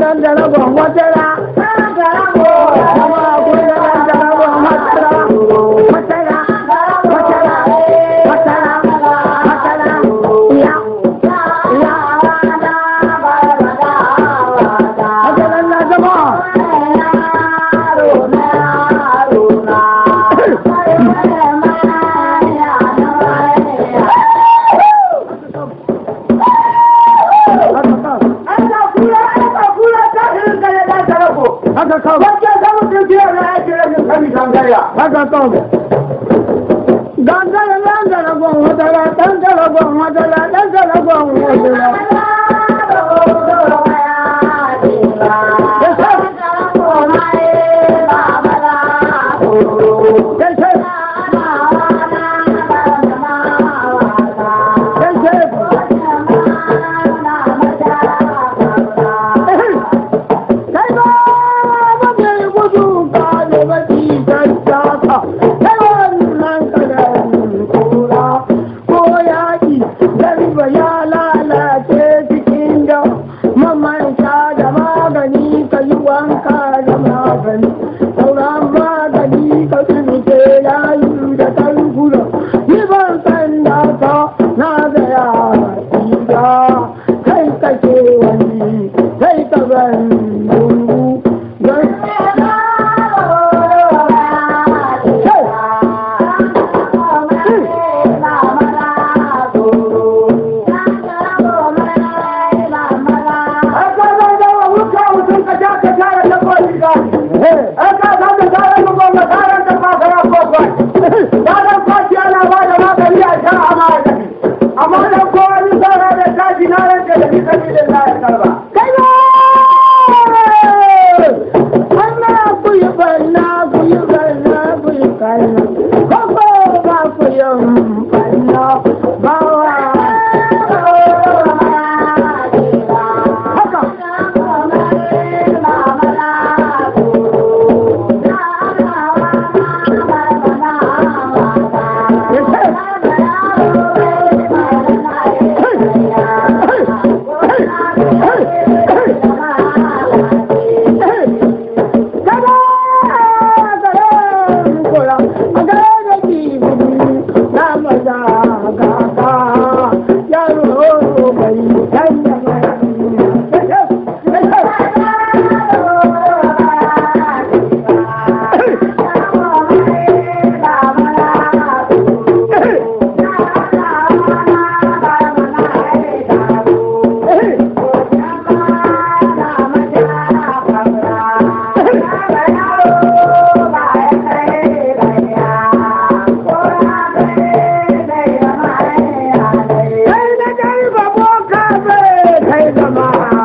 dandan dandan bọ̀ wọ́n tẹ́ra. Hallelujah. Haka tọ́ọ̀bẹ̀. Gàǹtẹ̀lẹ̀ lẹ́ǹtẹ̀lẹ̀ gbọ̀n wọ́n tẹ̀lẹ̀ tẹ̀ǹtẹ̀lẹ̀ gbọ̀n wọ́n tẹ̀lẹ̀ tẹ̀ǹtẹ̀lẹ̀ gbọ̀n wọ́n tẹ̀lẹ̀. tá no ligado?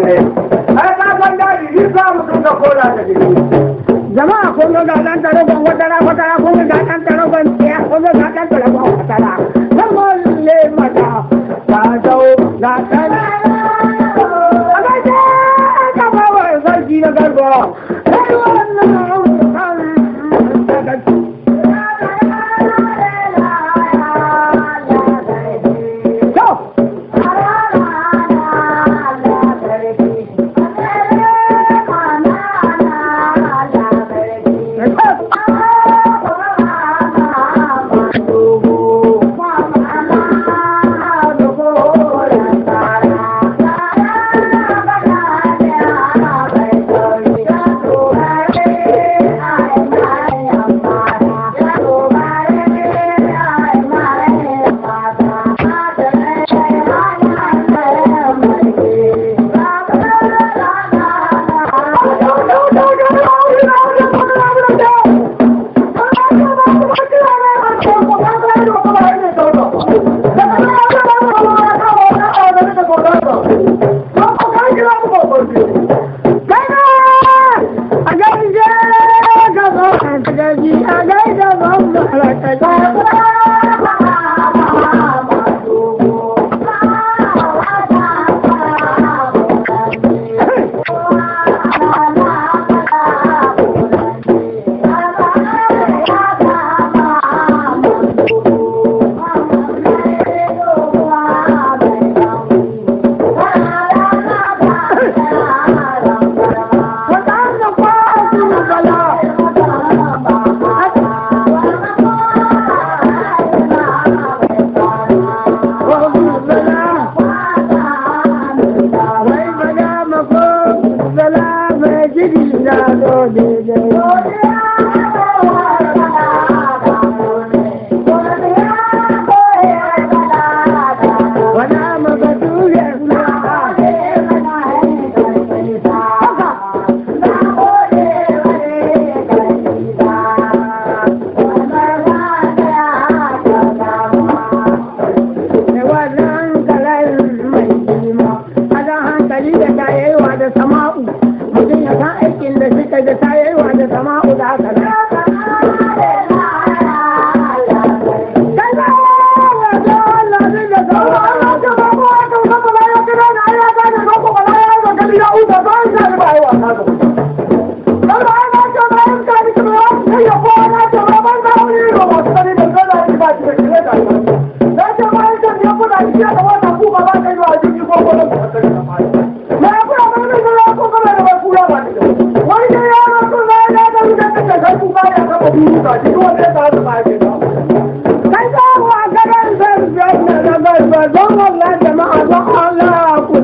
lalle ai ka san dadi ni za mu dinga kola da jama'a kun ga dan tarogon wadara wadara kun ga dan tarogon ya kun ga dan tarogon mata ta dau na dan ka ba wa sarki na garba الذي أليس ضم رحمتك وعد سماء ذات الحق Allah don Allah jama'a don Allah ku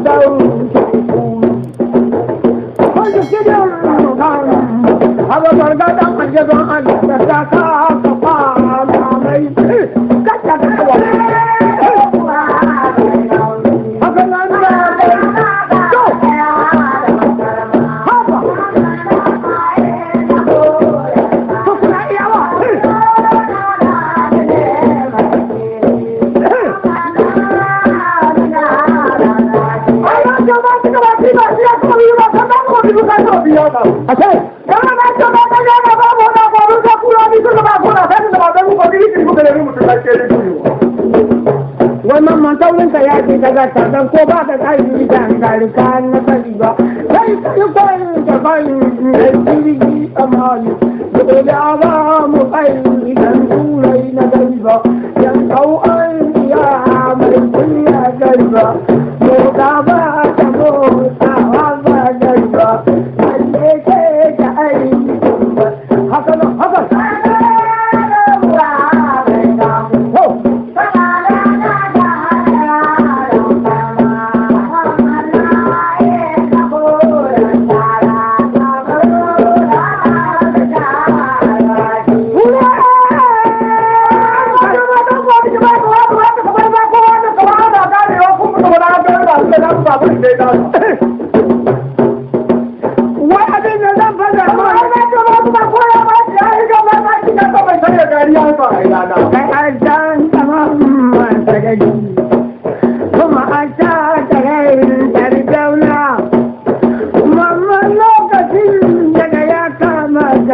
Kun ji shirin kan, haba barga dan ajiye don Allah da ta aiki daga sannan ko ba ka aiki da hankali ka na sani ba sai ka yi kwanin ka kwanin da jirgi tsammani da da ba mu kwanin idan turai na gari ba yan kau an ya mai kunya gari ba